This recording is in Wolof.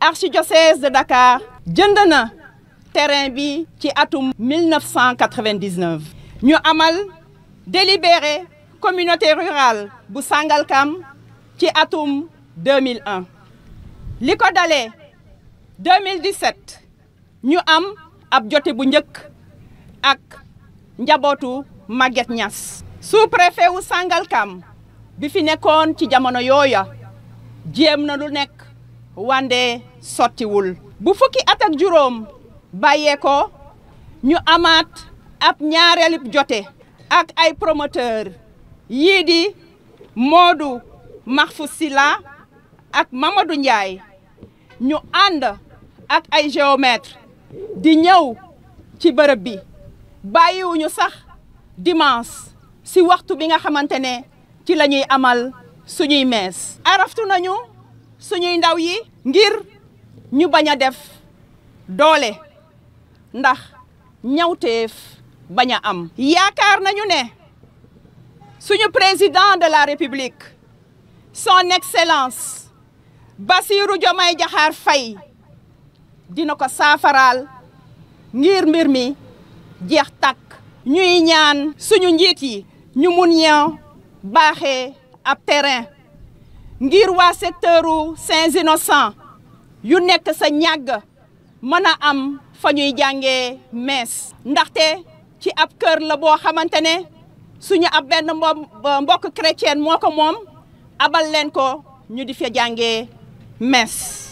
archidiocèse de Dakar jënd na terrain bi ci atum 1999 ñu amal délibéré communauté rural bu Sangalkam ci atum 2001 li ko dalee 2017 ñu am ab jote bu njëkk ak njabootu Maguette ñas sous-préfet wu Sangalkam bi fi nekkoon ci jamono yooya jéem na lu nekk wande sottiwul bu fukki at ak juróom bàyyee ko ñu amaat ab ñaareelib jote ak ay promoteur yii di Modou Mahfou Sila ak Mamadou Ndiaye ñu ànd ak ay géomètre di ñaw ci bërëb bi bàyyiwuñu sax dimanche si waxtu bi nga xamante ne ci la ñuy amal suñuy mees araftu nañu suñuy ndaw yi ngir ñu bañ a def doole ndax ñawteef bañ a am yaakaar nañu ne suñu président de la république son excellence Bassirou Diomaye Diakhar fay dina ko saafaraal ngir mbir mi jeex tàkk ñuy ñaan suñu njiit yi ñu mun baaxe ab terrain ngir waa secteuru Saint Innocent yu nekk sa ñàgg mën a am fa ñuy jàngee mees ndaxte ci ab kër la boo xamante ne suñu ab benn mbokk chrétien moo ko moom abal leen ko ñu di fa jàngee mees